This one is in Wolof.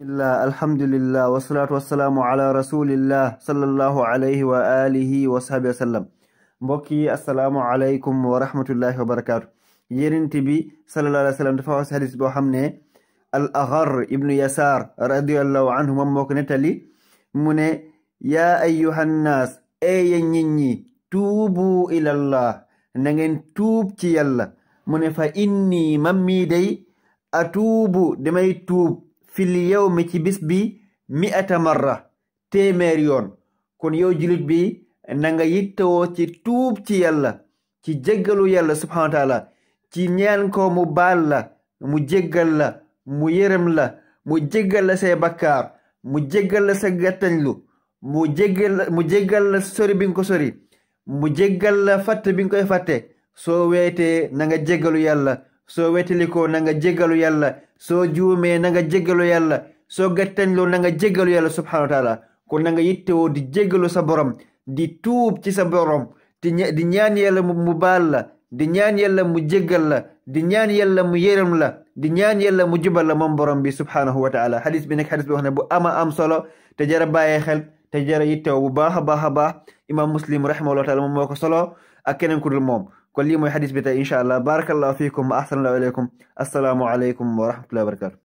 illa alhamdulillah wasalaatu wasalaamu ala rasulillah sallallahu alayhi wa alihi wa sahbi wa yi asalaamu aleykum wa barakaatu yonent bi sallallahu alayhi wa sallam dafa wax hadis boo xam ne al agar ibnu yasaar radiallahu anhu moom ko nettali mu ne yaa ayyuhannaas eya tuubu ilallah na ngeen tuub ci yàlla mu fa inni man mii day atuubu damay tuub fil yawmi ci bis bi mi'ata marra téeméer yoon kon yow jilit bi nanga nga yittewoo ci tuub ci yàlla ci jéggalu yàlla subhanahu taala ci ñaan ko mu baal la mu jéggal la mu yërëm la mu jéggal la say bakkaar mu jéggal la sa gàttañlu mu jéggal mu jéggal la sori bi nga ko sori mu jéggal la fàtte bi nga koy fàtte soo weetee nanga nga jéggalu yàlla soo wetilikoo na nga jéggalu yàlla soo juumee na nga jéggalu yàlla soo gàttañloo na nga jéggalu yàlla subhaanahu wa taala kon na nga yittewoo di jéggalu sa borom di tuub ci sa borom di di ñaan yàlla mu baal la di ñaan yàlla mu jéggal la di ñaan yàlla mu yërëm la di ñaan yàlla mu jubal la moom borom bi subhaanahu wa taala xadis bi nag xadis wax ne bu ama am solo te jara bàyyee xel te jara yittewoo bu baax a baax a baax imaam muslim rahimahullah taala moom moo ko solo ak keneen ku dul moom kon lii mooy xadis bi tey incha allah barakallahu fiikum ahsanallahu aleykum asalaamu aleykum wa rahmatullahi wa barakatu